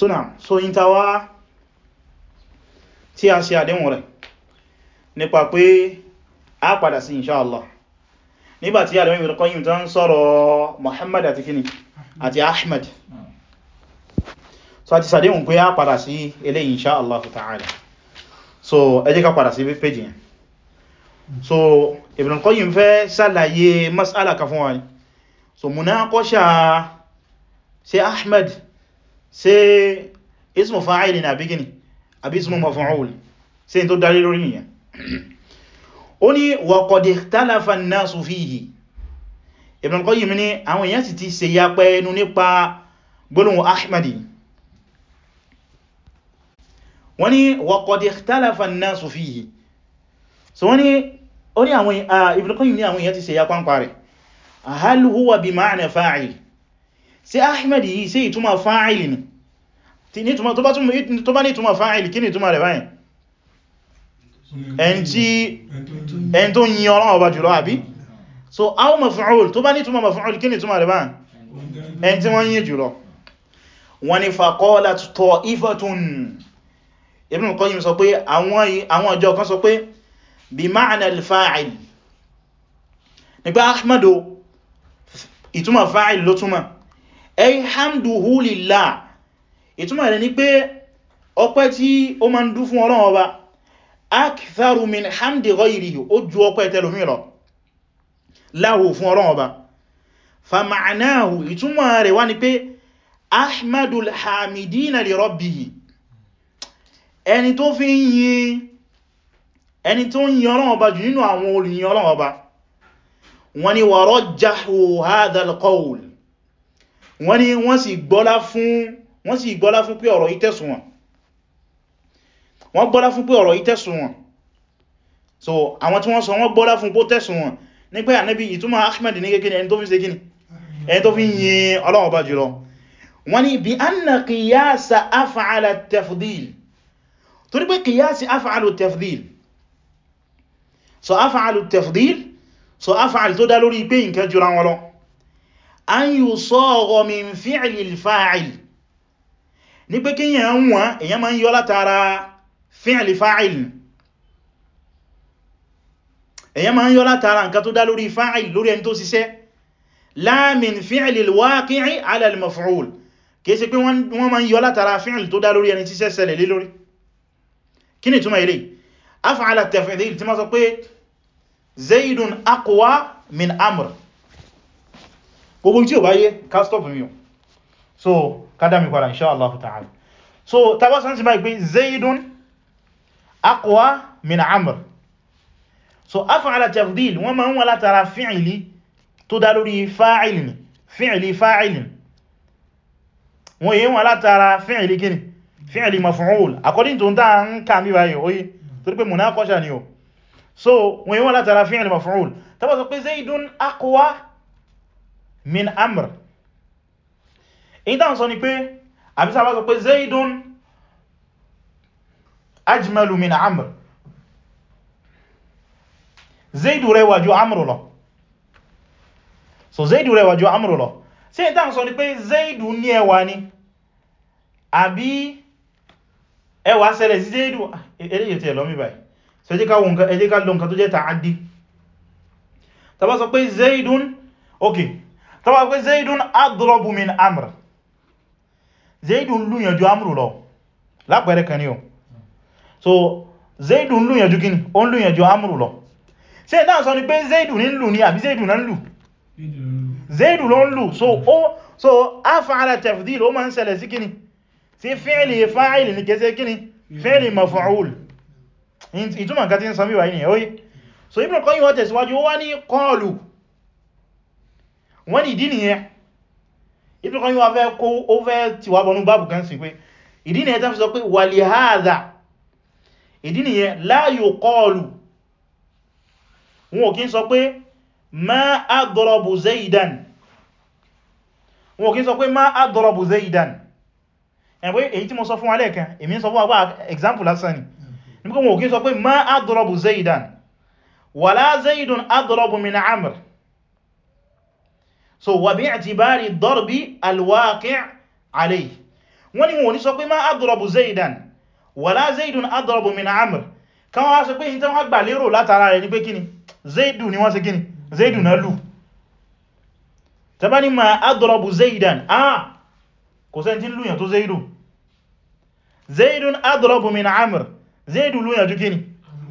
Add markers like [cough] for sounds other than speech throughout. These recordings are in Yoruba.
so na so yin ta wá tí a ṣe àdéhùn rẹ̀ nípa pé a padà sí insha Allah nígbàtí àdéhùn Ibn Qayyim tó ń sọ̀rọ̀ Muhammad àti kini àti Ahmad so àti sàdéhùn pé a padà sí ilé insha Allah ta'ala so ẹ jẹ́ ká padà sí pẹ́jì so Ibn Qayyim fẹ́ ṣàlàyé mas'ala kan fún wa so munaqasha ṣe Ahmad ṣé ismu fa'il ni àbí kíni àbí ismu maf'ul ṣé n tó darí lórí nìyẹn ó ní wa qad ikhtalafa an-nasu fihi Ibn al-Qayyim ní àwọn èèyàn sì ti ṣe yapa ẹnu nípa gbólóhùn Ahmadi wọ́n ní wa qad ikhtalafa an-nasu fihi so wọ́n ní ó ní Ibn al-Qayyim ní àwọn èèyàn ti ṣe yapa ń parẹ̀ hal huwa bi ma'na fa'il ṣé Ahmadi yìí ṣé ìtumọ̀ fa'il ni tí ní túnmọ̀ tó bá ní túnmọ̀ fa'il kí ní túnmọ̀ rẹ̀ báyìí ẹn tó yìn Ọlọ́run Ọba jùlọ àbí so aw maf'ul tó bá ní túnmọ̀ maf'ul kí ní túnmọ̀ rẹ̀ báyìí ẹn tí wọ́n yìn jùlọ wọ́n ni faqalat ta'ifatun Ibn al-Qayyim ìtumọ̀ rẹ̀ ni pé ọpẹ́ tí ó ma ń dú fún Ọlọ́run Ọba aktharu min hamdi ghayrihi ó ju ọpẹ́ tẹlòmí lọ láhù fún Ọlọ́run Ọba fama'nahu ìtumọ̀ rẹ̀ wá ni pé ahmadul hamidina li rabbihi ẹni tó fi ń yin ẹni tó ń yin Ọlọ́run Ọba jù nínú àwọn olùyin Ọlọ́run Ọba wọ́n ni wa rajjahu hadha al-qawl wọ́n ni wọ́n sì gbọ́lá fún wọ́n sì gbọ́lá fún pé ọ̀rọ̀ ìtẹ́sùnwọ̀n wọ́n gbọ́lá fún pé ọ̀rọ̀ ìtẹ́sùnwọ̀n so àwọn tí wọ́n sọ wọ́n gbọ́lá fún pó tẹ́sùnwọ̀n ní pé ànábì ìtumọ̀ Ahmad ní kékeré ẹni tó fi ṣe kíni ẹni tó fi yin Ọlọ́run jùlọ wọ́n ni bí anna kìyàsà af'ala tefdil torí tefdil ní pé kí yẹn ń wọ́n èyàn máa ń yọ látara fi'li fa'il èyàn máa ń yọ látara nǹkan tó dá lórí fa'il lórí ẹni tó ṣiṣẹ́ la min fi'li al-waqi'i 'ala al-maf'ul kìí ṣe pé wọ́n máa ń yọ látara fi'il tó dá lórí ẹni tí ṣiṣẹ́ ṣẹlẹ̀ lé lórí kí ni túnmọ̀ ilé af'ala at-tafdhil ma sọ pé zaidun aqwa min amr gbogbo tí ò bá yé ká so kádàmì padà insha Allah ta'ala so tabasan sí báyìí pé zaidun aqwa min amr so af'ala tafdil wọ́n ma ń wọ́n látara fi'ili tó dá lórí fa'ilin fi'ili fa'ilin wọ́n yí wọ́n látara fi'ili gini fi'ili maf'ul according to ta ń ká mi báyìí oye torí pé munaqasha ni o so wọ́n yí wọ́n látara fi'ili maf'ul tabasan pé zaidun aqwa min amr èyí tàà sọ ni pé àbísà bá sọ pé zaidun ajmalu min amr zaidu rẹwà ju amr lọ so zaidu rẹwà ju amr lọ sí èyí tàà sọ ni pé zaidu ní ẹwà ni àbí ẹwà ṣẹlẹ̀ sí zaidu ah, eléyìí tí ẹlọ́mí báyìí so ẹjẹ́ ká lọ nǹkan tó jẹ́ ta'addi tàbá sọ pé zaidun ok tàbá pé zaidun adrobu min amr zaidun lúyànjú amuru lọ lápẹẹrẹ kan ni o so zaidun lúyànjú gini o n lúyànjú amuru lọ ṣe ìdáhùn sọ ni pé zaidun ní lù ní àbí zaidun náà lù zaidun ló lù so o so af'ala tafdhil ó ma ń ṣẹlẹ̀ sí gini sí fi'li fa'il ní kẹsẹ̀ gini fi'li maf'ul ìtumọ̀ nǹkan tí ń sọ bí oye so Ibn Qayyim wọ́n tẹ̀síwájú wọ́n ní qalu wọ́n ní ìdí nìyẹn Ibn Qayyim wá fẹ́ kó ó fẹ́ tí wá bọnú báàbù kan sí pé ìdí ni fi sọ pé wà lè ìdí ni ma adrabu Zaidan wọn ò sọ pé ma adrabu Zaidan ẹ̀wẹ́ èyí tí mo sọ fún alẹ́ẹ̀kan èmi sọ fún example ma wala wala Zaidun adrabu min Amr so wà bí i'tibari ad-darbi al-waqi' alayhi wọ́n ni wọ́n ní sọ pé ma adrabu zaidan wala zaidun adrabu min amr kan wá sọ pé in tán wá gbà lérò látara rẹ̀ ní pé kíni zaidu ni wọ́n ṣe kíni zaidu na lù tàbá ní ma adrabu zaidan ah kò sẹ́ntí lùyàn tó zaidu zaidun adrabu min amr zaidu lùyàn ju kíni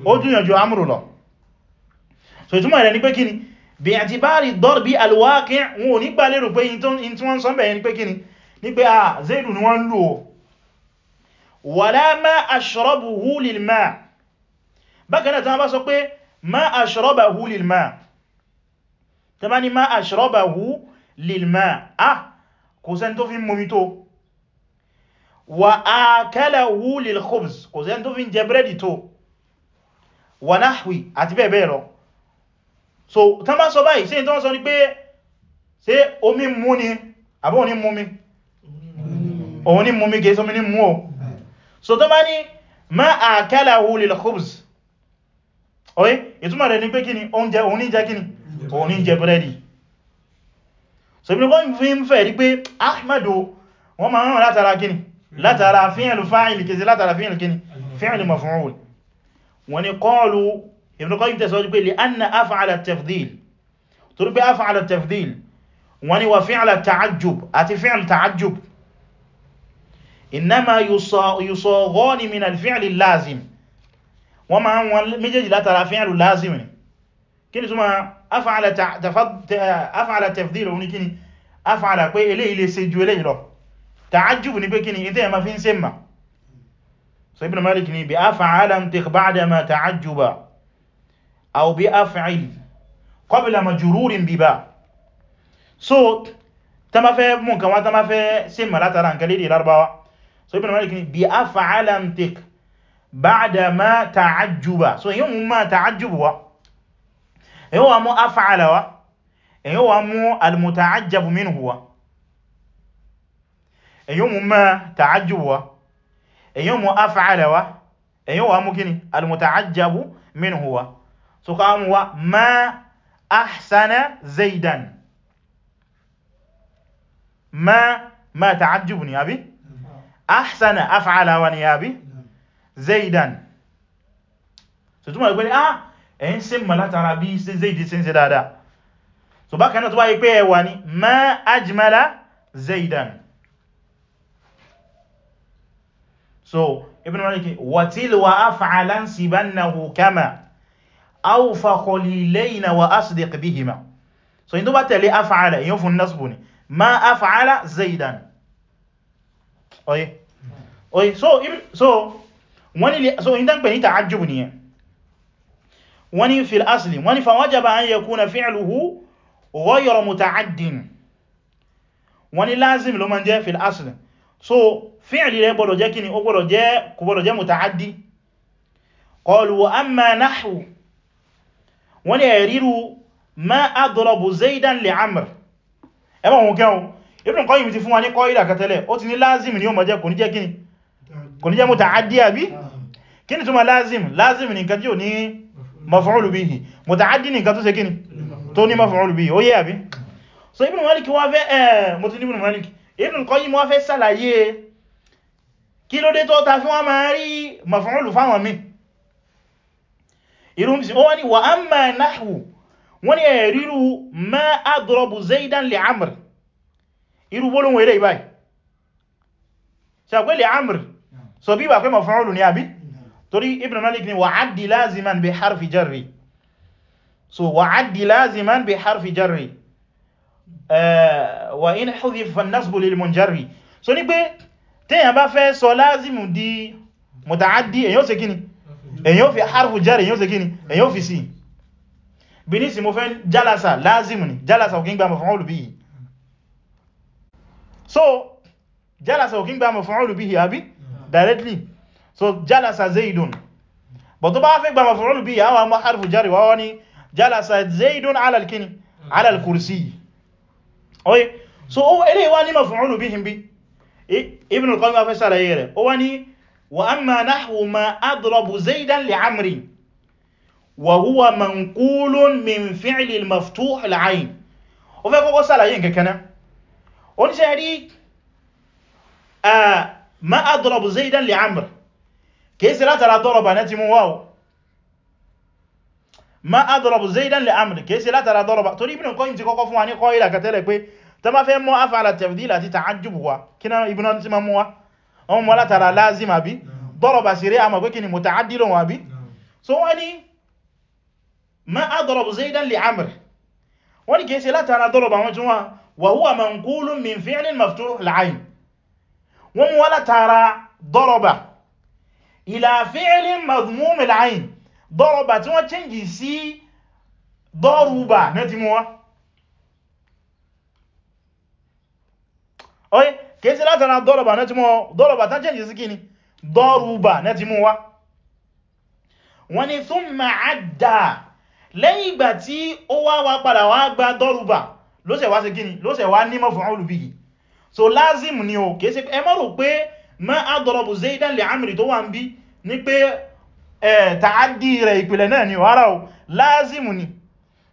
ó jùyàn ju amr lọ so ìtumọ̀ rẹ̀ ní pé kíni bí i àtibárí dọ́rbí alwákí wọn ò ní gbà lérò pé in tí wọ́n sọ bẹ̀yẹn ni pé kíni ní pé a ah, zaidu ni wọ́n lò wala ma ashrabuhu lil ma bákanáà tán bá sọ pé ma ashrabuhu lil ma bá ní ma ashrabuhu lil a ah, kò sẹ́n tó fi ń momi tó wa akalahu lil khubz so tán bá sọ báyìí ṣe tó ń sọ ní pé ṣe omi mú ni àbọ́ ní mú mi òun ní mú mi gẹ́ sọmi ní mú o so tán bá ní ma akalahu lil khubz oye ìtumọ̀ rẹ̀ ní pé kíni oúnjẹ òun ní jẹ kíni òun ní jẹ búrẹ́dì so ibi nìkan fi ń fẹ́ rí pé ahmadu wọ́n ma ń rán látara kíni látara fi'l fa'il kìí látara fi'l kíni fi'l maf'ul wọ́n ni qalu Ibn Qayyim tẹ̀sọ́jú pé lè anna af'ala tafdil torí pé af'ala tafdil wọ́n ni wà fi'la ta'ajjub àti fi'l ta'ajjub innama yusaghani min al-fi'li lazim wọ́n ma wọn méjèèjì látara fi'lu lazim ni kí ni túnmà af'ala tafdil òun ni kí ni af'ala pé eléyìí lè ṣe ju eléyìí lọ ta'ajjub ni pé kí ni ma fi ń so Ibn Malik ni bi af'alamta ba'da ma ta'ajjuba أو بأفعل قبل مجرور بباء صوت تما في ممكن وتما في سم لا ترى انك ليدي الاربعه so ابن مالك بافعل انتك بعد ما تعجب so يوم ما تعجب هو هو مو افعل هو هو مو المتعجب منه هو يوم ما تعجب هو يوم افعل هو هو مو كني المتعجب منه هو سقام ما أحسن زيدا ما ما تعجبني أبي أحسن أفعل ونيابي زيدا so túnmọ̀ ìgbẹ́ ni ah ẹ̀ ń se mọ̀ látara bí zaidi sí ń se dáadáa so bákan náà tó wáyé pé ẹwà ni ma ajmala zaidan so ibn malik wa tilwa af'alan sibannahu kama awfa qalilayna wa asdiq bihima so in tó bá tẹ̀lé af'ala èyàn fún nasbu ni ma af'ala zaidan oye oye so so wọ́n ni so in tán pè ní ta'ajjub nìyẹn wọ́n ni fil asli wọ́n ni fa wajaba an yakuna fi'luhu ghayra muta'addin wọ́n ni lazim ló máa jẹ́ fil asli so fi'li rẹ̀ gbọ́dọ̀ jẹ́ kíni ó gbọ́dọ̀ jẹ́ kò gbọ́dọ̀ jẹ́ muta'addi qalu wa amma nahwu wọ́n ni ẹ̀ríru ma adọ́rọ̀bù zaidan lè amr ẹbá wọn gẹ́un Ibn Qayyim ti fún wa ní kọ́ ìdà kẹtẹlẹ̀ ó ti ní lázim ni ó mọ̀ jẹ́ kò ní jẹ́ kíni kò ní jẹ́ muta'addi àbí kí ni túnmà lázim lázim ni nǹkan tí ò ní maf'ul bihi muta'addi ni nǹkan tó ṣe kíni tó ní maf'ul bihi irun sí wọ́n ni wà á máa náhù wọ́n ni ẹ̀ríru ma adọ́rọ̀bù zaidan lè amr irú gbólóhùn eré ìbáyìí ṣàgbé lè amr so bí bà pé mọ̀ fọ́nrọ̀lù ní àbí torí ibn malik ni wa'addi laziman bi harfi jarri so wa'addi laziman bi harfi jarri wa in hudhifa an-nasbu lil munjarri so ní pé téèyàn bá fẹ́ sọ lázimu di muta'addi èyàn ó ṣe èyàn ò fi harfu jari èyàn ò ṣe kíni èyàn ò fi sí bí ní sí mo fẹ́ jálásà lázim ni jálásà ò kí ń gba maf'ul so jálásà ò kí ń gba maf'ul bihi àbí directly so jálásà zaidun but tó bá fẹ́ gba maf'ul bihi àwọn àmọ́ harfu jari wọ́n ni jálásà zaidun so ó eléyìí wá ní maf'ul bihi bí ibn al-Qayyim afẹ́ sára yẹ وأما نحو ما أضرب زيدا لعمري وهو منقول من فعل المفتوح العين وفي قوة صلى الله عليه ما أضرب زيدا لعمر كيس لا ترى ضرب نتي ما أضرب زيدا لعمر كيس لا ترى ضرب تري ابن قوي انت قوة فواني قوي لك تلك تما فهم مو أفعل التفديل التي تعجبها كنا ابن أنت ما موه wọ́n mọ́ látara lázim àbí dọ́rọ̀bà sí rí a mọ̀ pé kí ni muta'addilun àbí so wọ́n ni ma adọ́rọ̀bù zaidan li amr wọ́n ni kìí ṣe látara dọ́rọ̀bà wọn tún wọ́n wa huwa manqulun min fi'lin maftuh al-ayn wọ́n mú látara dọ́rọ̀bà ila fi'lin madmum al-ayn tí wọ́n change sí dọ́rùbà náà ti mú kèsí látara dọ́rọ̀bà náà ti mọ́ dọ́rọ̀bà tán jẹ́ sí kíni dọ́rùbà náà ti mú wá wọ́n ni thumma adda lẹ́yìn ìgbà tí ó wá wá padà wá gba dọ́rùbà lóṣẹ̀ wá sí kíni lóṣẹ̀ wá ní maf'ul so lazim ni o kèsí ẹ má rò pé ma adọ́rọ̀bù zaidan li amri tó wà ń bí ní pé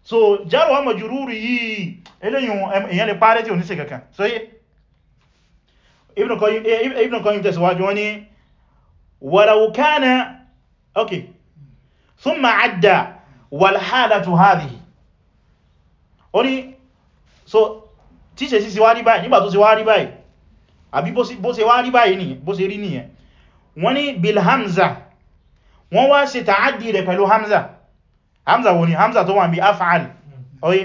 so jaru wa majururi yìí eléyìn èyàn lè parẹ́ tí ò kankan so yìí Eh, Ibn Qayyim tẹ̀síwájú wọ́n ní walau kana okay thumma adda walhalatu hadhihi ó ní so tí ṣe sí sí wá rí báyìí nígbà tó ṣe wá rí báyìí àbí bó ṣe wá rí báyìí nìyẹn bó ṣe rí nìyẹn wọ́n ní bil hamza wọ́n wá ṣe tààdì rẹ̀ pẹ̀lú hamza hamza wọ́n ní hamza tó wà bí af'al oye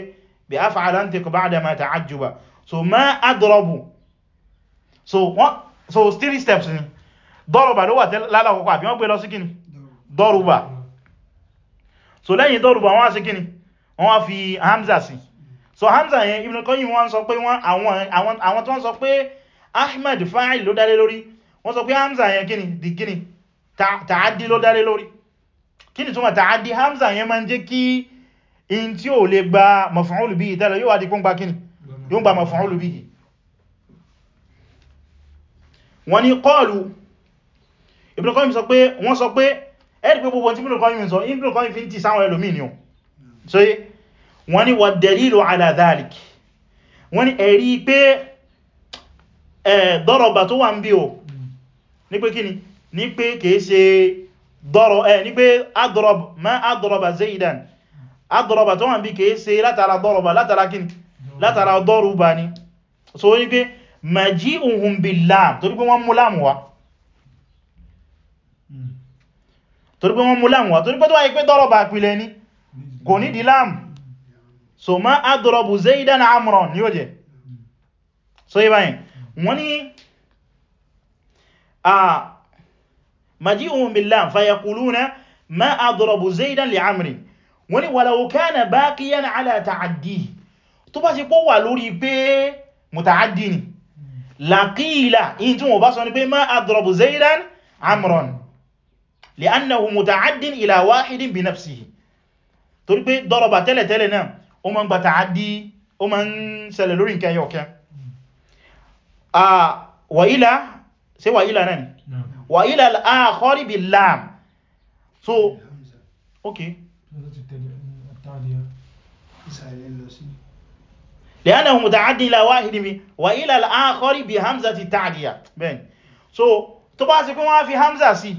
bí af'al an taqba'da ma ta'ajjuba so ma adrabu so wọ́n so three steps ni dọ́rùbà ló wà lálàkọ́kọ́ àbí wọ́n gbé lọ sí kíni dọ́rùbà so lẹ́yìn dọ́rùbà wọ́n á sí kíni wọ́n wá fi hamza sí so hamza yẹn Ibn Qayyim wọ́n sọ pé wọ́n àwọn tó wọ́n sọ pé ahmed fa'il ló dálé lórí wọ́n sọ pé hamza yẹn kíni di kíni ta'addi ló dálé lórí kíni túnmọ̀ ta'addi hamza yẹn máa ń jẹ́ kí in tí ó lè gba maf'ul bihi tẹ́lẹ̀ yóò wá di kún gba kíni yóò gba maf'ul bihi wọ́n ní qalu Ibn Qayyim sọ pé wọ́n sọ pé ẹ́rì pé gbogbo tí Ibn Qayyim sọ Ibn Qayyim fi ń ti sáwọn ẹlòmí ni so wọ́n ní wa dalilu ala dhalik wọ́n ní ẹ̀rí pé daraba tó wà ń bí o ní pé kíni ní pé kìí dọ́rọ̀ maji'uhum billam torí pé wọ́n mú láàmù wá hmm. torí pé wọ́n mú láàmù wá torí pé tó wáyé pé dọ́rọ̀bà pìlẹ̀ ní kò ní dì láàmù so ma adọ́rọ̀bù zaidan amran ni ó jẹ́ so yí báyìí wọ́n ni a maji'uhum billam fayakuluna ma adọ́rọ̀bù zaidan li amri wọ́n ni walau kana baqiyan muta'addi ni làkílà in tí wọ́n bá sọ ní pé ma adrobu zaidan amron lè annahu muta'addin ila wahidin bi nafsihi torí pé dọ́rọba tẹ́lẹ̀tẹ́lẹ̀ náà o ma ń gba ta'addi o ma ń ṣẹlẹ̀ lórí nǹkan yọ̀kẹ́ wàílà náà wàílà al-akhari lam so okay لأنه متعدي إلى واحد وإلى الآخر بهمزة التعدية بين so tó bá ṣe pé wọ́n fi hamza sí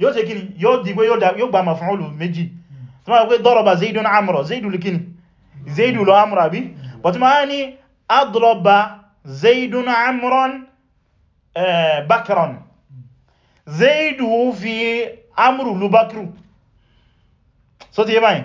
yóò ṣe kíni yóò di pé yóò gba maf'ulu méjì tó máa pé daraba zaidun amra zaidu lè kíni zaidu lọ amra bí but ma ní adraba zaidun amran bakran zaidu fi amru lu bakru so ti yé báyìí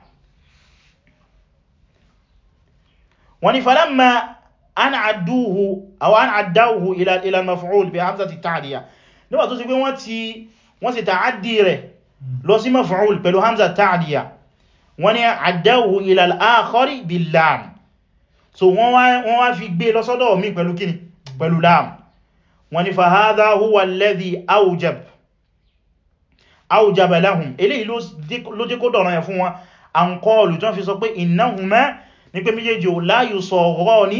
wọ́n ni falamma an adduhu aw an addahu ila ila maf'ul bi hamzati ta'diya nígbà tó sì pé wọ́n ti wọ́n sì ta'addi rẹ̀ lọ sí maf'ul pẹ̀lú hamza ta'diya wọ́n ni addahu ila al-akhari bil so wọ́n wá fi gbé e lọ mi pẹ̀lú kíni pẹ̀lú lam wọ́n ni fa huwa alladhi awjab awjaba ní pé méjèèjì ò láyù sọ ọ̀rọ̀ ní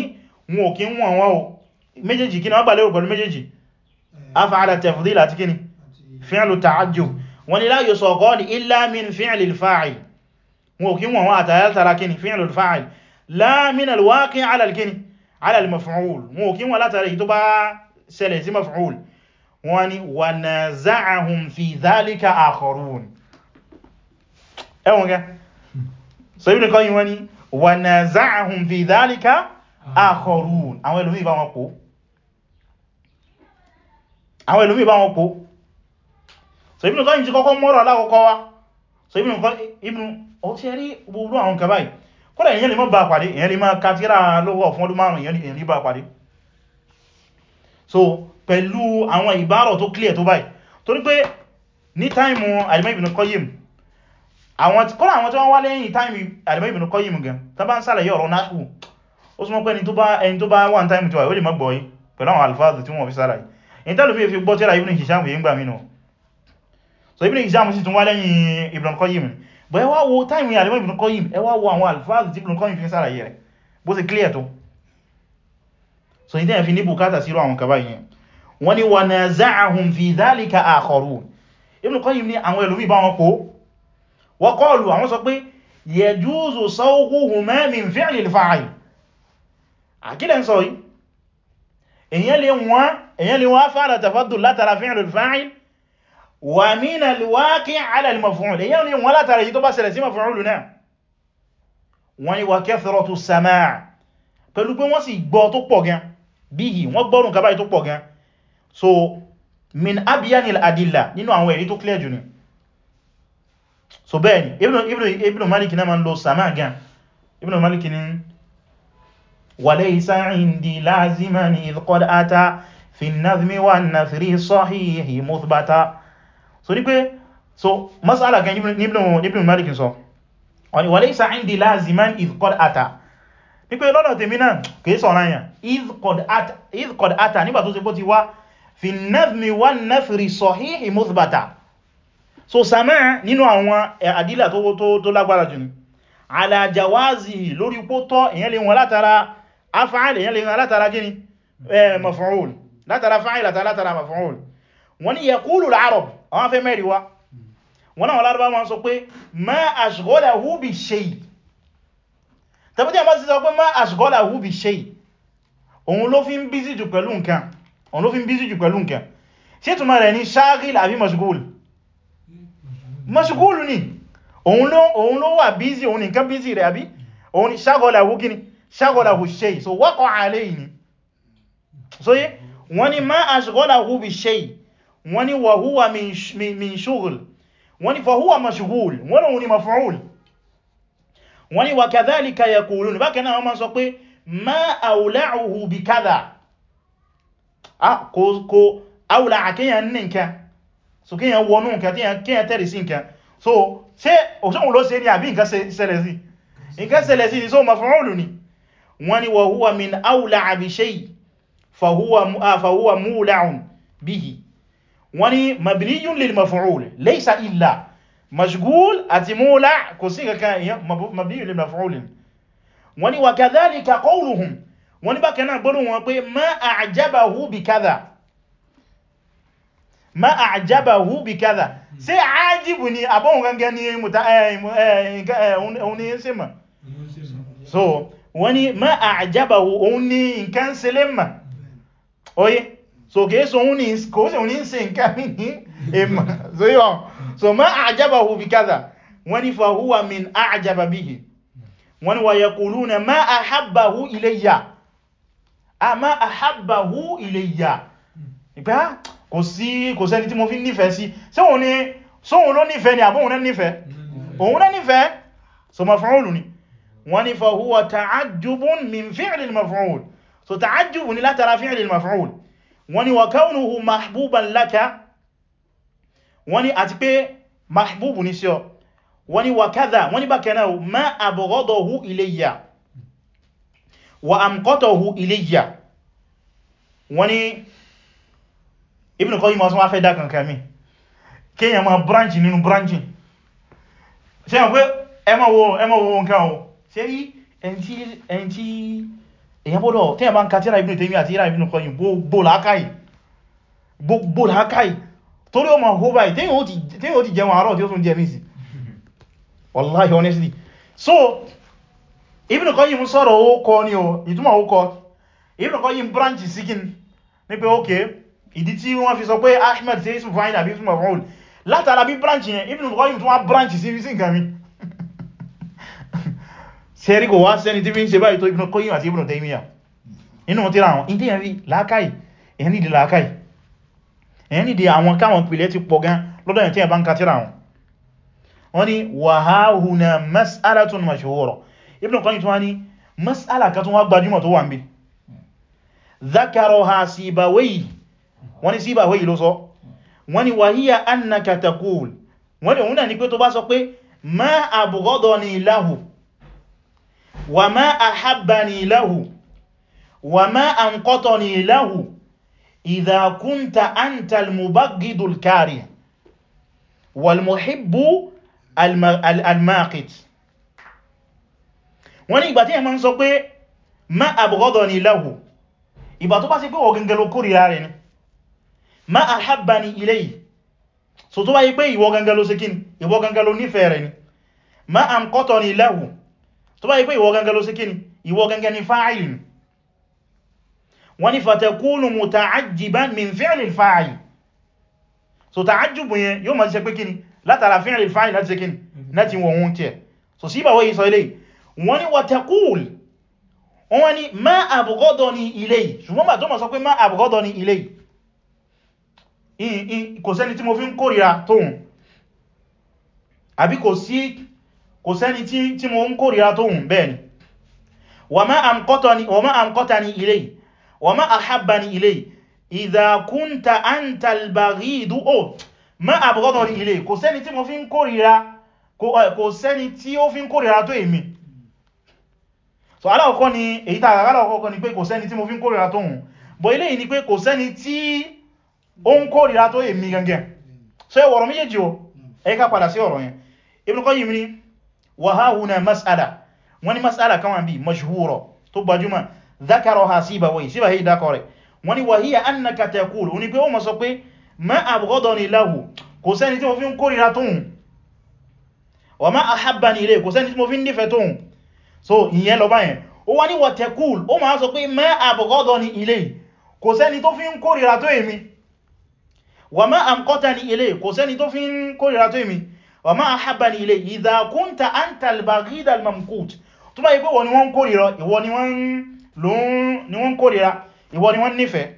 wọn ò kí ń wọ̀n wọn o méjèèjì kí ni wọ́n gbàlérò pẹ̀lú méjèèjì eh. af'ala tafdhil àti kí ni fi'lu ta'ajjub wọn ni láyù sọ ọ̀rọ̀ ní illa min fi'li al-fa'il wọn ò kí wọ̀n wọn àtàyátara kí ni fi'lu al-fa'il la min al-waqi' ẹwọ̀n gẹ́ so Ibn Qayyim wọ́n ni wa naza'ahum fi dhalika akharun àwọn ẹlòmí bá wọn pò àwọn ẹlòmí bá wọn pò so Ibn Qayyim ti kọ́kọ́ mọ́rọ̀ alákọ́kọ́ wá so Ibn Qayyim ibn o ṣe rí gbogbo àwọn kẹba yìí kọ́lẹ̀ èyàn lè mọ́ bá pàdé èyàn lè máa kàtírà lọ́wọ́ fún ọdún márùn èyàn lè bá pàdé so pẹ̀lú àwọn ìbárọ̀ tó clear tó báyìí torí pé ní táìmù Ibn Qayyim àwọn tí kọ́lá àwọn tí wọ́n wá lẹ́yìn táìmì àdìmọ́ ìbìnú kọ́ yìí mú gan tó bá ń sàlàyé ọ̀rọ̀ náà ó súnmọ́ pé ẹni tó bá wà ní táìmì tí wà ó lè mọ́ gbọ́yí pẹ̀lú àwọn alfáàzù tí wọ́n fi sàlàyé in tẹ́lù fi gbọ́ tíra Ibn Hisham yìí ń gbà mínú so Ibn Hisham sì tún wá lẹ́yìn Ibn Qayyim bọ̀ ẹ wá wo táìmì àdìmọ́ Ibn Qayyim ẹ wá wo àwọn alfáàzù tí Ibn Qayyim fi sàlàyé rẹ̀ bó ti clear tó so ìdí ẹ̀ fi ní bùkátà sírò àwọn kaba yìí wọ́n ni wa naza'ahum fi dhalika akharun Ibn Qayyim ni àwọn ẹlòmí bá wọn po wọ́kọ́ọ̀lù àwọn sọ pé yẹjúzù sawquhuma min fi'li al-fa'il àkílẹ̀ ń sọ yìí èyàn lè wá fara tafaddul látara fi'li al-fa'il wa min al-waqi' 'ala al-maf'ul èyàn lè wọ́n látara yìí tó bá ṣẹlẹ̀ sí maf'ul náà wọ́n ni wa kathratu as-sama' pẹ̀lú pé wọ́n so min abyanil adilla nínú àwọn ẹ̀rí tó clear so bẹ́ẹ̀ ni ibn malik náà ma ń lo sama gan ibn malik ni walaysa indi laziman idh qad ata fi nazmi wa nasiri sahihi muthbata so ní pé so masala gan ibn malik sọ wani walaysa indi laziman idh qad ata ní pé lọ́nà tèmi náà kìí sọ̀rọ̀ yàn idh ata nígbà so sama nínú àwọn àdílà tó lágbára jù ní ala jawazihi lórí pótọ́ èyàn lè wọn látara af'al èyàn lè wọn látara gini maf'ul látara fa'il látara maf'ul wọ́n ni yaqulu al-arab àwọn mẹ́rin wa wọ́n náà lárúbá wọn sọ pé ma ashghalahu bi shay' tàbí tí a bá ti sọ pé ma ashghalahu mashigúlù ni òun ló wà bízì òun nìkan bízì rẹ̀ àbí òun ṣagọ́làwó gíní ṣagọ́làwó ṣe so wọ́kọ̀ alẹ́ ìní so yí wọ́n ni ma aṣgọ́làwó bí ṣe wọ́n ni wà húwà min ṣúgùl wọ́n ni fọ̀húwà mashigúl wọ́n lòun ni maf'ul wọ́n ni so kí yẹn wọnú nǹkan kí yẹn tẹ́rì sí nǹkan so ṣe òṣùn ló ṣe ní àbí nǹkan ṣẹlẹ̀ sí nǹkan ṣẹlẹ̀ sí so maf'ulun ni wọ́n ni wa huwa min awla'a bi shay' ah, fa huwa mula'un bihi wọ́n ni mabniyun lil maf'ul laysa illa mashghul àti mula' kò sí kankan mabniyun lil maf'ul wọ́n ni wa kadhalika gbọ́rùn wọn pé ma a'jabahu bi kadha ma a'jabahu bi kaza ṣé ajibu ni abon gangan ni muta eh oni se ma so wani ma a'jabahu oni nǹkan se le ma oye so ke so oni ko se oni se nǹkan ni e ma so yo so ma a'jabahu bi kaza wani fa huwa min a'jaba bihi wani wa yaquluna ma ahabbahu ilayya ama ahabbahu ilayya ipa kò sí kò sẹ́ni tí mo fi nífẹ̀ẹ́ sí sóhun ní sóhun ló nífẹ̀ẹ́ ni àbóhun náà nífẹ̀ẹ́ òun náà nífẹ̀ẹ́ so maf'ulun ni wọ́n ní fa huwa ta'ajjubun min fi'lil ni wọ́n ní wa kaunuhu mahbuban laka ma abghadahu ilayya wọ́n ní Ibn Qayyim ma tún wá fẹ́ dá kankan mi kéèyàn ma branch nínú branch ṣe yàn pé ẹmọ wo ẹmọ wo nǹkan o ṣe rí ẹn tí èyàn bọ́dọ̀ tí ẹ̀bá ń ka tíra Ibn Taymiyyah àti tíra Ibn Qayyim gbogbo làákàí torí o ma hó báyìí tí yóò ti jẹun àárọ̀ tí ó tún jẹ nísì wallahi honestly so Ibn Qayyim sọ̀rọ̀ ó kọ ní o ìtumọ̀ ó kọ Ibn Qayyim branch sí kí ní pé okay ìdí tí wọ́n fi sọ pé Ahmed ṣe ismu fa'il àbí more maf'ul látara bí branch yẹn even al-Qayyim tó wá branch sí sí nǹkan mi sẹ́rí [laughs] kò wá sẹ́ni tí fi ń ṣe báyìí tó Ibn al-Qayyim àti Ibn Taymiyyah inú tíra àwọn ìdí yẹn rí láákàí èyàn nìdí láákàí èyàn nìdí àwọn káwọn pìlẹ̀ ti pọ̀ gan lọ́dọ̀ yẹn tí yẹn bá ń ka tíra wọn wọ́n ni wa hahuna mas'alatun mashhura Ibn al-Qayyim tó wá ní mas'ala kan tó wá gbajúmọ̀ tó wà wọ́n ni síbà wéyìí ló sọ wọ́n ni wàhíyà annaka taqul wọ́n ni òun náà ni pé tó bá sọ pé ma abghadani lahu wa ma ahabbani lahu wa ma anqatani lahu idha kunta anta al-mubaghidu al-kari wal-muhibbu al wọ́n ni ìgbà tí ẹ ń sọ pé ma abghadani lahu ìgbà tó bá sí pé ọ̀gẹ́gẹ́ ló ma ahabbani ilayhi so tó bá yí pé ìwọ gangan ló ṣe kíni ìwọ gangan ló nífẹ̀ẹ́ rẹ̀ ni ma anqatani lahu tó bá yí pé ìwọ gangan ló ṣe kíni ìwọ gangan ni fa'il ni wọ́n ni fatakunu muta'ajjiban min fi'lil fa'il so ta'ajjubu yẹn yóò ma ṣe pé kíni látara fi'lil fa'il láti ṣe kíni láti wọ̀n tí ẹ̀ so sí ìbàwọ́ yìí sọ ilé wọ́n watakul wọ́n ni ma abghadani ilayhi ṣùgbọ́n bà tó ma sọ pé ma abghadani ilayhi kò sẹ́ni tí mo fi ń kórìíra tóhun àbí kò sí kò sẹ́ni tí mo ń kórìíra tóhun bẹ́ẹ̀ ni wa ma amqatani ilayhi wa ma ahabbani ilayhi idha kunta anta al-baghidu o ma kò sẹ́ni tí mo fi ń kórìíra eh, kò sẹ́ni tí ó fi ń kórìíra tó èmi so aláwọ̀kọ́ ni èyí tààrà aláwọ̀kọ́ ni pé kò sẹ́ni tí mo fi ń kórìíra tóhun bọ̀ ilé ni pé kò sẹ́ni tí ó ń kórìíra tó èmi gangan so ẹ wọ̀rọ̀ méjèèjì o mm. ẹ ká padà sí ọ̀rọ̀ yẹn Ibn Qayyim ní wàháhùnà mas'ala wọ́n ní mas'ala kan wà bí mashhura tó gbajúmọ̀ dhakaraha Sibawayh Sibawayh dákọ̀ rẹ̀ wọ́n ní ma abghadani lahu kò sẹ́ni tí mo fi so ìyẹn lọ báyẹn ó wá ní wa ma abghadani ilayhi kò sẹ́ni tó fi ń kórìíra tó èmi wà má àmkọ́ta ní ilé kò sẹ́ni tó fi ń kórìíra tó èmi wà má àhábà ní ilé ìdàkúnta antalbagidal mamkut tó bá ipé wọ́n ni wọ́n kórìíra ìwọ ni wọ́n kórìíra ìwọ ni wọ́n nífẹ̀ẹ́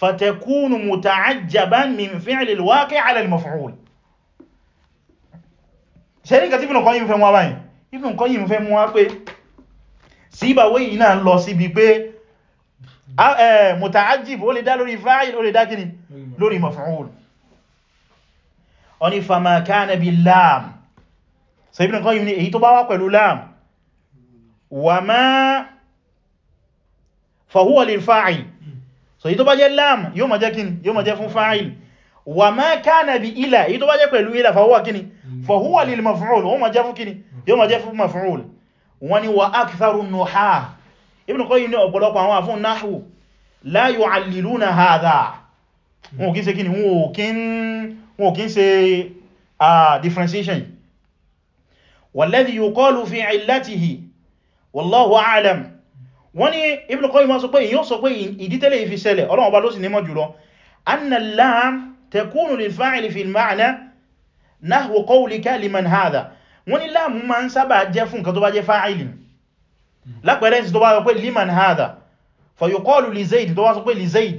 fatakunu muta'ajjaban min fi'li al-waqi' 'ala al-maf'ul lórí maf'ul ọni fama kana bi lam so Ibn Qayyim ní èyí tó bá wá pẹ̀lú lam wa ma fa huwa lil fa'il so èyí tó bá jẹ́ lam yóò ma jẹ́ kíni yóò ma jẹ́ fún fa'il wa ma kana bi èyí tó bá jẹ́ pẹ̀lú ila fa huwa ni wa aktharu nuha wọn ò kí ń ṣe kí ni wọn ò kí ń ṣe differentiation walladhi yuqalu fi illatihi wallahu a'lam wọ́n ní Ibn Qayyim wọ́n sọ pé yíò sọ pé ìdítẹ́lẹ̀ ìfi ṣẹlẹ̀ Ọlọ́run Ọba ló sì nímọ̀ jùlọ anna al-lam takunu Zaid tó bá sọ pé li Zaid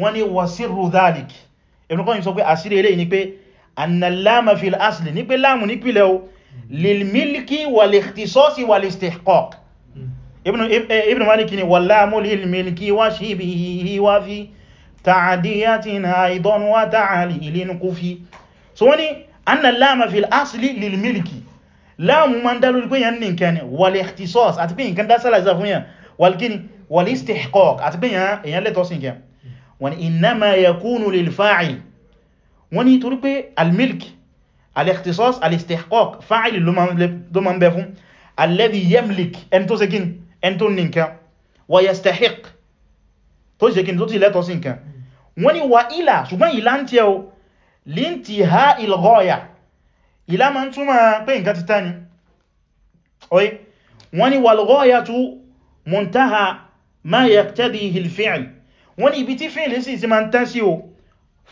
wọ́n ni wasirru dhalik Ibn Qayyim sọ pé àṣírí eléyìí ni pé annalama fil asli ní pé láàmù nípìlẹ̀ o lilmilki walikhtisasi walistihqaq hmm. eh, Ibn Malik ni wallamu lilmilki wa shibihi wa fi ta'adiyatin aidan wa ta'alilin kufi so wọ́n ni annalama fil asli lilmilki láàmù ma ń dá lórí pé yẹn ní nǹkan ni walikhtisas àti pé wọ́n ni innama yakunu lil fa'il wọ́n ni torí pé al-milk al-ikhtisas al-istihqaq fa'il ló ma ń bẹ fún alladhi yamlik ẹn tó ṣe kín ẹn tó ní nǹkan wa yastahiq tó ṣe kín tó ti lẹ́tọ̀ sí nǹkan wọ́n ni wa ila ṣùgbọ́n ìlà ń tẹ́ o lintiha il-ghaya ìlà ma ń túnmà pé nǹkan ti tání oye wọ́n ni wal-ghayatu muntaha ma yaqtadihi al-fi'l wọ́n ní ibi tí fíìlì sí sí ma ń tán sí o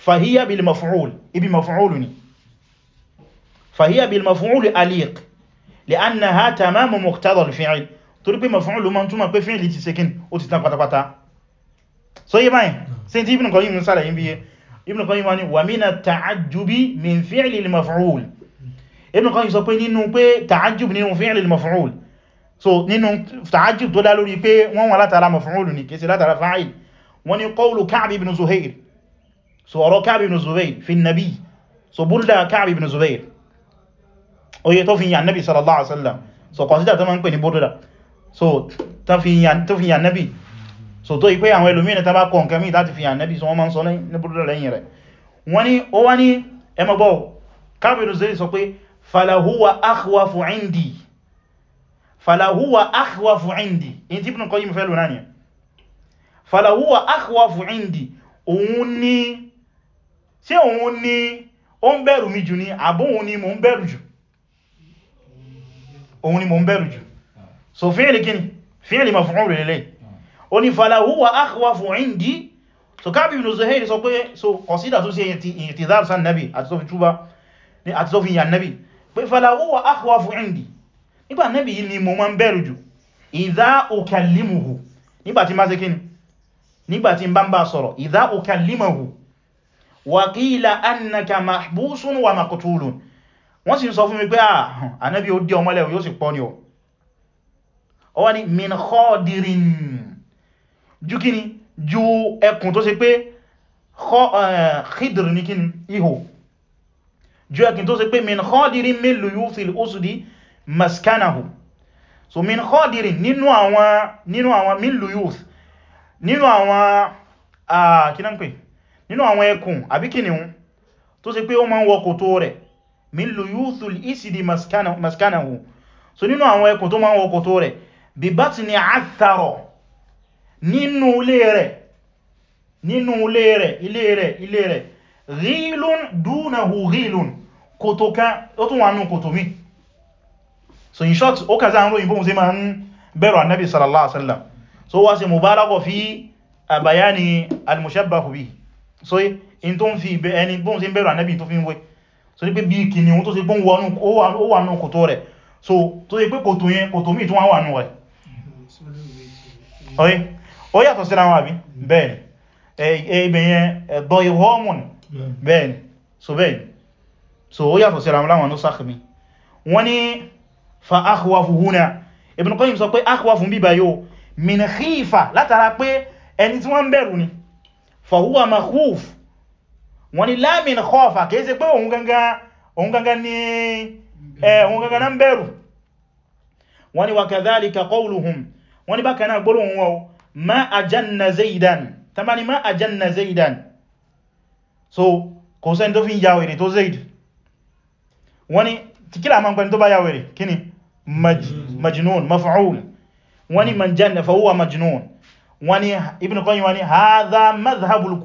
fàhíyà bil maf'ul ibi maf'ul ni fàhíyà bil maf'ul aliq li'annaha tamamu muqtada al-fi'l torí pé maf'ul ma ń túnmà pé fíìlì ti sekin ó ti tán pátápátá so yí báyìí sí ti Ibn Qayyim sára yí biye Ibn Qayyim wani wa mina ta'ajjubi min fi'li al-maf'ul Ibn Qayyim sọ pé nínú pé ta'ajjub nínú fi'li al-maf'ul so nínú ta'ajjub tó dá lórí pé wọ́n wà látara maf'ul ni kìí sí látara fa'il wọ́n ni qawlu Ka'b ibn Zuhair so ọ̀rọ̀ Ka'b ibn Zuhair fi nabi so búrúdá Ka'b ibn Zuhair oye tó fi yàn nabi sallallahu alaihi wasallam so consider tó ma ń pè ní búrúdá so tó fi yàn nabi so tó ipé àwọn ẹlòmíràn tó bá kọ nǹkan láti fi yàn nabi so wọ́n ma ń sọ ní búrúdá lẹ́yìn rẹ̀ wọ́n ni ó wá ibn Zuhair sọ pé falahuwa akhwafu indi falahuwa akhwafu indi in ti ibn Qayyim fẹ́ lónà falahuwa akhwafu indi òun ni ṣe òun ni ó ń bẹ̀rù mi jù ni àbí òun ni mo ń bẹ̀rù jù òun ni mo ń bẹ̀rù jù so fi'li kíni fi'li maf'ul lele ó akhwafu indi so káàbí ibn zuhair sọ pé so consider tó ṣe i'tizar san nabi àti tó fi túbá ni àti tó fi yà nabi pé falahuwa akhwafu indi nígbà nabi yìí ni mo máa ń bẹ̀rù jù idha ukallimuhu nígbà tí máa ṣe kíni nígbàtí bá ń bá sọ̀rọ̀ idha ukallimahu wa qila annaka mahbusun wa maqtulun wọ́n sì ń sọ fún mi pé ah, ànábí ó dí ọmọlẹ̀ yóò sì pọ́ ni ọ wá ní min khadirin ju kíni ju ẹkùn tó ṣe pé eh, khidr ní kíni ihò ju ẹkùn tó nínú àwọn àkínápè nínú àwọn ẹkùn àbí kìnnìún tó ṣe pé ó ma ń wọ kòtò rẹ̀ min luyuthul isidi maskanahu so nínú àwọn ẹkùn tó ma ń wọ kòtò rẹ̀ bí batni atharo nínú ilé rẹ̀ nínú ilé rẹ̀ ilé rẹ̀ ilé rẹ̀ ghilun dunahu ghilun kòtò kan ó tún wà nù kòtò mi so in short ó kàzá ń ròyìn bóhun sallallahu alaihi so wá sí mubalago fi eh, bayani al-mushabbahu bi so in tó ń fi ẹni bóhun sí bẹ̀rù ànábì tó fi ń wé so ní pé bí kìnnìún tó sì gbóhun wọnú ó wà nù kòtò rẹ̀ so tó sì pé kòtò yẹn kòtò míì tó wọ́n wà nù rẹ̀ ọ̀rẹ́ mm-hmm. ó yàtọ̀ síra wọn àbí mm-hmm. bẹ́ẹ̀ni so bẹ́ẹ̀ni so ó yàtọ̀ síra wọn láwọn fa akhwafu huna Ibn Qayyim sọ pé akhwafu bíbá yóò minkhífà látara pé ẹni tí wọ́n ń bẹ̀rù ni fahuwa makhuf wọ́n ni la min khofa kìí ṣe pé òun gangan òun gangan ni òun gangan na ń bẹ̀rù wọ́n ni wa kadhalika qawluhum wọ́n ni bákan náà gbọ́rùn wọn ma ajanna zaidan so kò sẹ́ni tó fi ń ya wèrè tó zaid wọ́n ni tíkílà ma ń pẹ́ni tó bá ya kíni majnun maf'ul wọ́n ní hmm. man janna fa huwa majnun wọ́n ní Ibn Qayyim wọ́n ní hadha madhhabul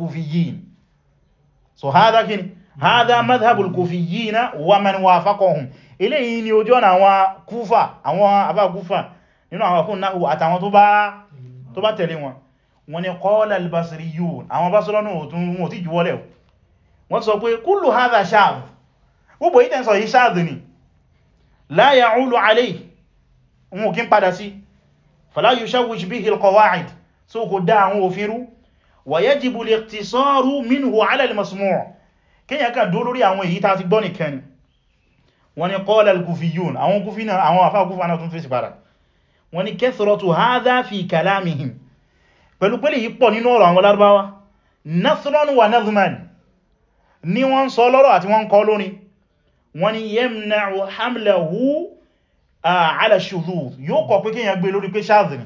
so hadha kini hmm. hadha madhhabul kufiyyin wa man wafaqahum eléyìí ni ojú ọ̀nà àwọn kúfà àwọn àbá kúfà nínú àwọn akún náà àtàwọn hmm. tó bá tẹ̀lé wọn wọ́n ní qala al-basriyun àwọn basrọ́nà òtún wọn ti juwọ́lẹ̀ wọ́n sọ pé kullu hadha shadh gbogbo ìtẹ́sọ̀ yìí shadh ni la ya'ulu wọn kí ń padà sí fala yushawwish bihi al-qawa'id so kò dá àwọn òfin rú wa yajibu al-iqtisaru minhu ala al-masmu' kíyà ká dó lórí àwọn èyí ta ti gbọ́ nìkan ni wọ́n ni qala al-kufiyyun àwọn kufi náà àwọn afá kufi náà tún fèsì padà ala shuzuz yóò kọ̀ pé kíyàn gbé lórí pé ṣáàzì ni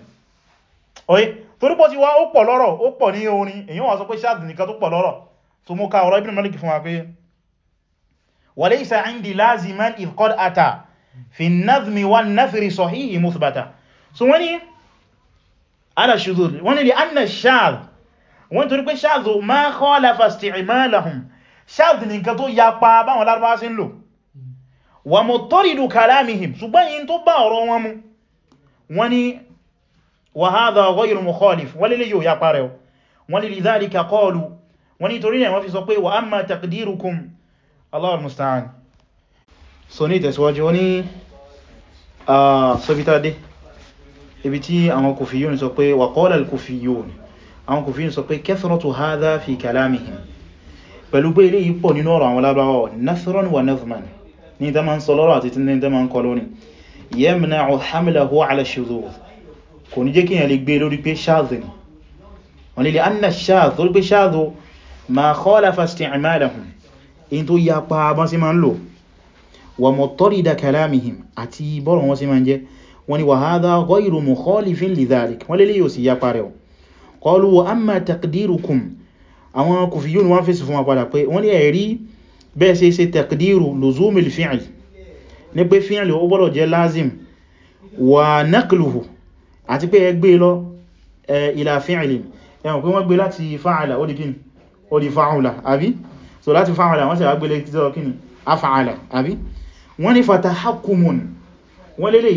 oye torí pọ́ ti wá ó pọ̀ lọ́rọ̀ ó pọ̀ ní orin èyàn wà sọ pé ṣáàzì nìkan tó pọ̀ lọ́rọ̀ so mo ka ọ̀rọ̀ Ibn Malik fún wa pé walaysa indi laziman idh qad ata fi an-nazmi wan-nafri sahihi muthbata so wani ala shuzuz wa muttaridu kalamihim ṣùgbọ́n yìí tó bá ọ̀rọ̀ wọn mú wọ́n ni wa hadha ghayru mukhalif wọ́n lè yóò ya parẹ́ wọ́n lè lidhalika qalu wọ́n ni torí náà fi sọ pé wa amma taqdirukum Allahu al-musta'an so ní tẹ̀síwájú wọ́n ni a sọfítàdé ibi tí àwọn kufiyun sọ pé wa qala al-kufiyun àwọn kufiyun sọ pé kathratu hadha fi kalamihim pẹ̀lú pé ilé yìí pọ̀ nínú ọ̀rọ̀ àwọn lábáwọ̀ nasran wa nazman ní ìdá ma ń sọ lọ́rọ̀ àti tí ní ìdá ma ń kọ lórí yamna'u hamlahu ala shuzuz kò ní jẹ́ kí yẹn lè gbé e lórí pé ṣáàzì ni wọ́n lè anna ṣáàzì lórí pé ṣáàzì ma khalafa isti'malahum in tó ya pa bọ́n sí ma ń lò wa mutarida kalamihim àti bọ́rọ̀ wọn sí ma ń jẹ́ wọ́n ni wa hadha ghayru mukhalifin li dhalik wọ́n lè yóò sì ya parẹ́ qalu wa amma taqdirukum àwọn kòfíyún wọ́n fèsì fún wa pé wọ́n ni ẹ̀rí bẹ́ẹ̀ sí ṣe taqdiru luzumil fi'l ní pé fi'l ó gbọ́dọ̀ jẹ́ lazim wà naqluhu àti pé ẹgbẹ́ e lọ ila fi'lin ẹ̀wọ̀n pé wọ́n gbé láti fa'ala ó di kíni ó di fa'ula àbí so láti fa'ala wọ́n sì wá gbélé títọ́ kíni af'ala àbí wọ́n ní fatahakkumun wọ́n lélè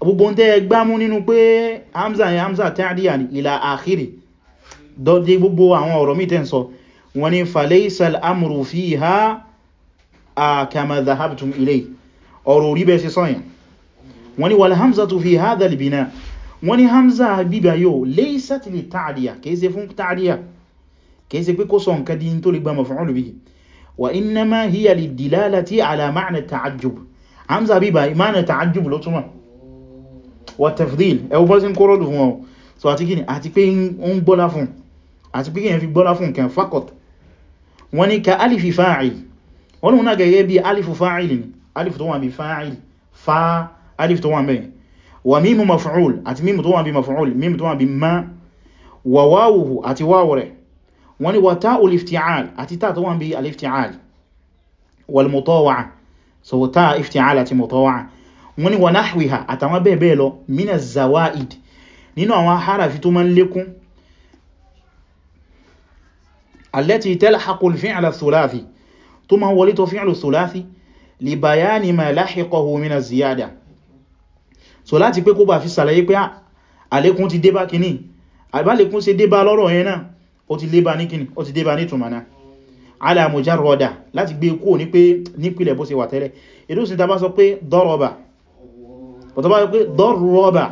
gbogbo ń tẹ́ gbámú nínú pé hamza ni hamza ta'diya ni ila akhiri dọ́dé gbogbo àwọn ọ̀rọ̀ mi tẹ́ ń sọ wọ́n ni falaysal amru fiha kama dhahabtum ilay ọ̀rọ̀ orí bẹ́ẹ̀ sí sọ́yìn wọ́n ni wal hamzatu fi hadha al bina wọ́n ni hamza bíbá yóò laysat li ta'diya kìí ṣe fún ta'diya kìí ṣe pé kó sọ wà tefdil ẹwọ bọ́ sí ń kóró lùfún wọn so àti kí ni àti pé ń gbọ́lá fún àti pé kí yẹn fi gbọ́lá fún kẹn fakọt wọ́n ni ka alifi fa'il wọ́n lùn náà gẹ̀gẹ́ bí alifu fa'il ni alifu tó wà bí fa'il fa alifu tó wà bẹ́ẹ̀ wà mímu maf'ul àti mímu tó wà bí wọ́n ni wà nahwiha àtàwọn bẹ́ẹ̀ bẹ́ẹ̀ lọ mina zawaid nínú àwọn harafi tó ma ń lékún allati talhaqul fi'la thulathi tó ma wọlé tó fi'lu thulathi li bayani ma lahiqahu mina ziyada so láti pé kó bá fi sàlàyé pé ah, àlékún ti dé bá kìíní àbálékún ṣe dé bá lọ́rọ̀ yẹn náà ó ti dé bá ní tùmọ̀ná ala mujarrada láti gbé e kó nípìlẹ̀ bó ṣe wà tẹ́lẹ̀ ìdúsìn ta pé daraba but tó bá pé dọ́rọ̀bà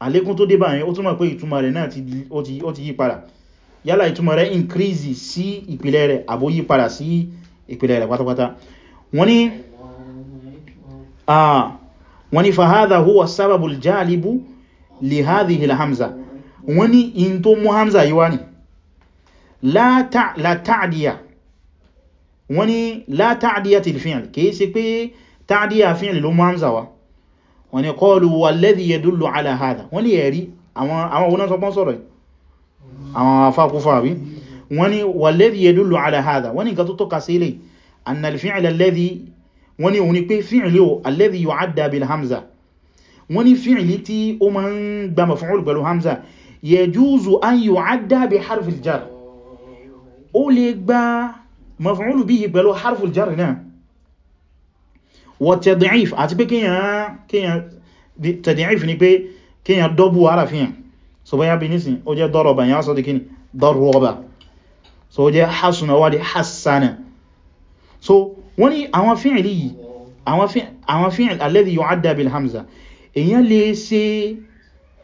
alékún tó dé báyìí ó túnmọ̀ pé ìtumọ̀ rẹ̀ náà ó ti yí padà yálà ìtumọ̀ rẹ̀ increase sí ìpìlẹ̀ rẹ̀ àbó yí padà sí ìpìlẹ̀ rẹ̀ pátápátá wọ́n ni wọ́n ni fahadha já sábàbù jálibú li hadhihi alhamza wọ́n ni in tó mú hamza yíwá ni látàdíyà wọ́n ni látàdíyà til fi'l kìí sí pé tàdíyà fi'l ló mú hamza wa wọ́n ni qalu walladhi yadullu ala hadha wọ́n ni ẹ̀rí àwọn wọn sọpọ́n sọ̀rọ̀ àwọn afákúfà rí wọ́n ni walladhi yadullu ala hadha wọ́n ni nǹkan tó tọ́ka sí ilé anna al-fi'la alladhi wọ́n wọ tẹ̀dìíf àti pé kíyàn tẹ̀dìíf ni pé kíyàn dọ́bù ara fihàn so bóyá bí nísìn ó jẹ́ dọ́rọ̀bà yá sọ di kíni dọ́rọ̀bà so ó jẹ́ hasuna wá di hassana so wọ́n ni àwọn fíìlì yìí àwọn fíìlì alladhi yu'adda bil hamza èyàn lè ṣe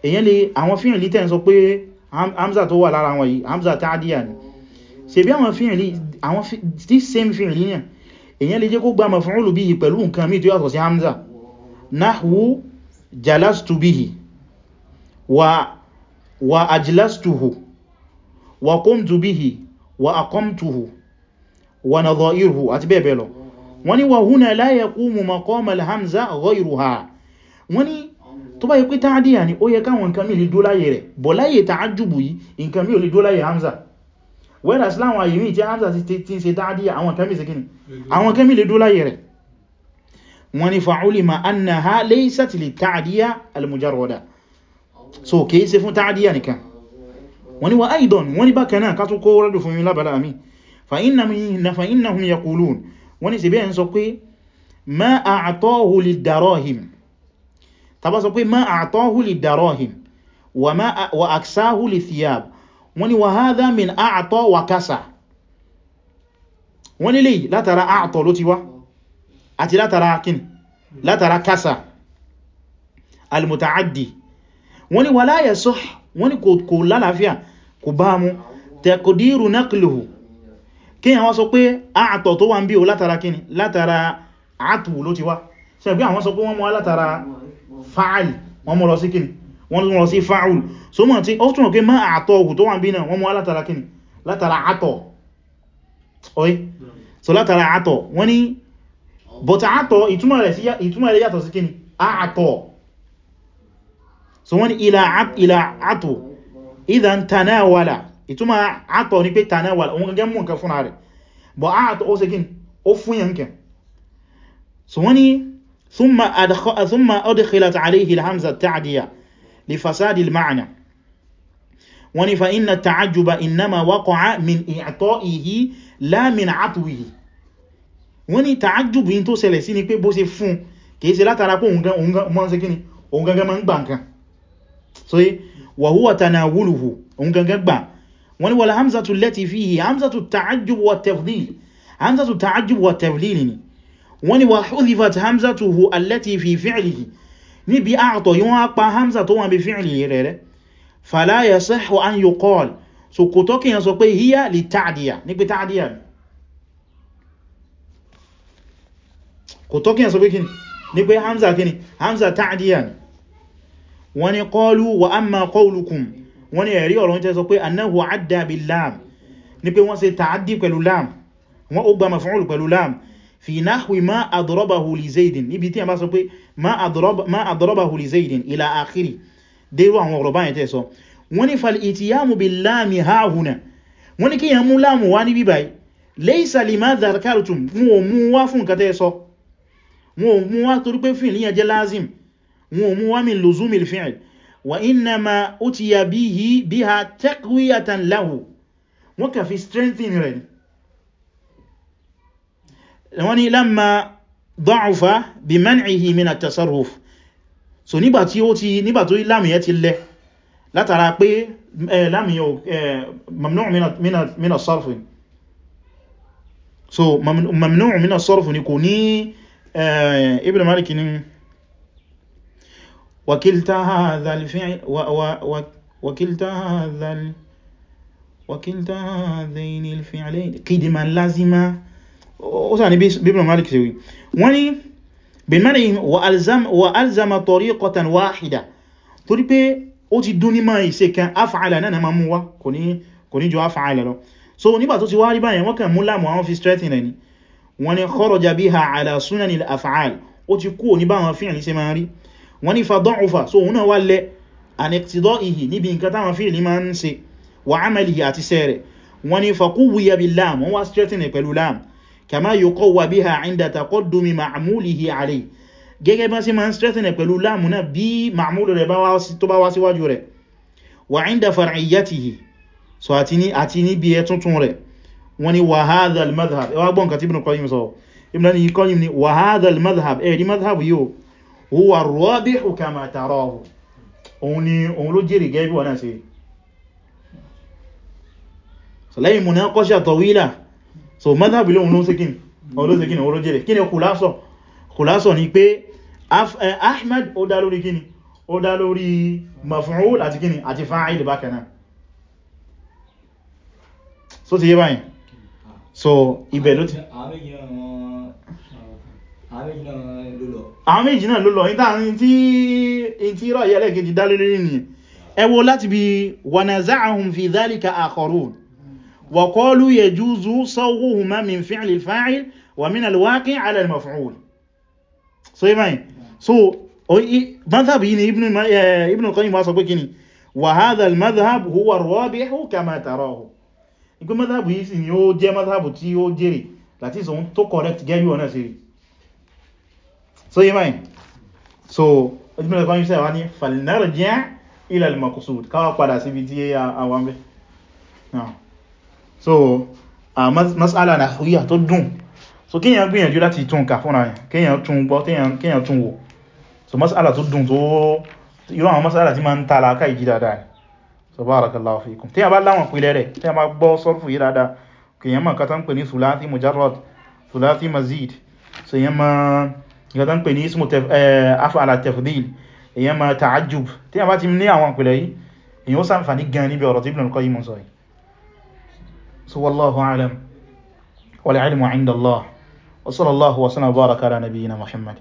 èyàn lè àwọn fíìlì tẹ́ sọ pé hamza tó wà lára wọn yìí hamza ta'diya ni ṣe bí àwọn fíìlì àwọn this same fíìlì èyàn lè jẹ́ kó gba maf'ulu bihi pẹ̀lú nǹkan mí tó yàtọ̀ sí hamza nahwu jalastu bihi wa wa ajlastuhu wa qumtu bihi wa aqamtuhu wa nadha'iruhu àti bẹ́ẹ̀ bẹ́ẹ̀ lọ wọ́n ní wa huna la yaqumu maqama al-hamza ghayruha wọ́n ní tó bá yẹ pé ta'diya ni ó yẹ káwọn nǹkan mí lè dó láyé rẹ̀ bọ̀ láyé ta'ajjubu yìí nǹkan mí ò lè dó láyé hamza whereas láwọn àyè míì tí Hamza ti ń ṣe dáadí àwọn kẹ́mì sí kíni àwọn kẹ́mì lè dúláyè rẹ̀ wọ́n ni fa'ulima annaha laysat li ta'diya al-mujarrada so kìí ṣe fún ta'diya nìkan wọ́n ni wa aidan wọ́n ni bákan náà kátó kó rádù fún wa aksahu li thiyab wọ́n ni wàhádá min àtọ́ wà kásà wọ́n nílé látara àtọ́ ló ti wá àti látara kín látara kásà almutaaddi wọ́n ni wà láyẹ̀ sọ wọ́n ni kò lálàáfíà kò bá mú tẹ̀kọ̀dírù náklùhù kí àwọn sọ pé àtọ̀ tó wà ń bí o látara kín wọ́n lọ sí fa'ul so mọ̀ tí ó túnmọ̀ pé má àtọ̀ ohù tó wà bí náà wọ́n mú látara kíni látara àtọ̀ oye so látara àtọ̀ wọ́n ni bọ̀tà àtọ̀ ìtumọ̀ rẹ̀ yàtọ̀ sí kíni àtọ̀ so wọ́n ni ilà àtọ̀ idan tanawala ìtumọ̀ àtọ̀ ni pé tanawala ثم أدخلت عليه الهمزة التعدية لفساد المعنى وني فإن التعجب إنما وقع من إعطائه لا من عطوه وني تعجب yin tó ṣẹlẹ̀ sí ni pé bó ṣe fún kìí ṣe látara pé òun gan ṣe gangan ma ń gbà nǹkan so yí wa huwa tanawuluhu òun gangan gbà wani wala hamzatu hamzatu ta'ajjub wa tafdhil hamzatu ta'ajjub wa tafdhil ni wani wa hudhifat hamzatuhu allati fi fi'lihi níbi ààtọ̀ yíwọ́n á pa hamza tó wà bí fi'li rẹ̀ rẹ̀ fala yasihhu an yuqal so kò tọ́kì yẹn sọ pé hiya li ta'diya ní pé ta'diya kò tọ́kì yẹn sọ pé kíni ní pé hamza kíni hamza ta'diya ni wọ́n ni qalu wa amma qawlukum wọ́n ni ẹ̀rí ọ̀rọ̀ tẹ́ sọ pé annahu ما أضرب ما أضربه لزيد إلى آخره dérú àwọn ọ̀rọ̀ báyìí tẹ́ sọ wọ́n ní fal'itiyamu billahi hahuna wọ́n ní kí yẹn mú láàmù wá ní bíbáyìí laysa lima dhakartum wọn ò mú wá fún nǹkan tẹ́ sọ wọn ò mú wá torí pé fíìl yẹn jẹ́ lázim wọn ò mú wá min luzumil fi'l wa innama utiya bihi biha taqwiyatan lahu wọ́n kà fi strengthen rẹ̀ wọ́n ní lamma da'ufa bi man'ihi min at-tasarruf so nígbà tí ó ti nígbà tó lámìyẹ ti lẹ látara pé lámìyẹ mamnu' min as-sarf so mamnu' min as-sarf ni kò ní ibn malik ni wakilta hadha al-fi'l wakilta hadha wakilta hadhayn al-fi'layn qidman lazima ó sà ní bíbìnà malik ṣe wí wọ́n ní bin malik wa alzama tariqatan wahida torí pé ó ti dún ní máa ìṣe kan af'ala náà ma mú wá kò ní jọ af'ala lọ so nígbà tó ti wá rí báyẹn wọ́n kàn mú láàmù àwọn fi strengthen ẹni wọ́n ní kharaja biha ala sunanil af'al ó ti kú ní báwọn fíìlì ṣe máa rí kama yuqawwa biha 'inda taqaddumi ma'mulihi 'alayhi gẹ́gẹ́ bá sí ma ń strẹ́tìn pẹ̀lú láàmù náà bí ma'múlù rẹ̀ tó bá wá síwájú rẹ̀ wa 'inda far'iyyatihi so àti ní àti ní bí ẹ tuntun rẹ̀ wọ́n ni wa hadha al-madhhab náà ṣe lẹ́yìn so madhab ilé òun ló ṣe kíni ọlọ́ ṣe kíni ọlọ́ jẹ́rẹ̀ kíni kùlásọ̀ kùlásọ̀ ni pé eh, ahmed ó dá lórí kíni ó dá lórí maf'ul àti kíni àti fa'il bákan náà so ti yé báyìí so ibẹ̀ ló ti àwọn méjì náà ló lọ ìta ní tí rọ̀ yẹ́lẹ́kejì dá وقالوا يجوز صوغهما من فعل الفاعل ومن الواقع على المفعول صيبين so مذهب ابن ابن القيم واسا pé وهذا المذهب هو الرابح كما تراه يكون مذهب yìí sì ni مذهب tí ó jèrè that is on to correct get you on us so you mind ابن القيم ṣe فلنرجع الى المقصود ká padà síbi tí a wà ńbẹ̀ so a ah, mas'ala na nahawiyya tó dun, so kíyàn gbìyànjú láti tún kà fúnra yẹn kíyàn tún gbọ́ kíyàn tún wò so mas'ala tó dùn tó yíò àwọn mas'ala tí ma ń tààlà ká ìjì dáadáa ni so barakallahu fikum tí a bá láwọn pìlẹ̀ rẹ̀ tí a bá gbọ́ sọ́rfù yí dáadáa kíyàn ma kata pè ní sulati mujarrad sulati mazid so yẹn ma kata ń pè ní ismu eh, afala tefdil, èyàn ma ta'ajjub tí a bá ti ní àwọn pìlẹ̀ yìí èyàn ó ṣàǹfààní gan níbi ọ̀rọ̀ tí Ibn al-Qayyim sọ yìí سوى الله أعلم والعلم عند الله وصلى الله وسلم وبارك على نبينا محمد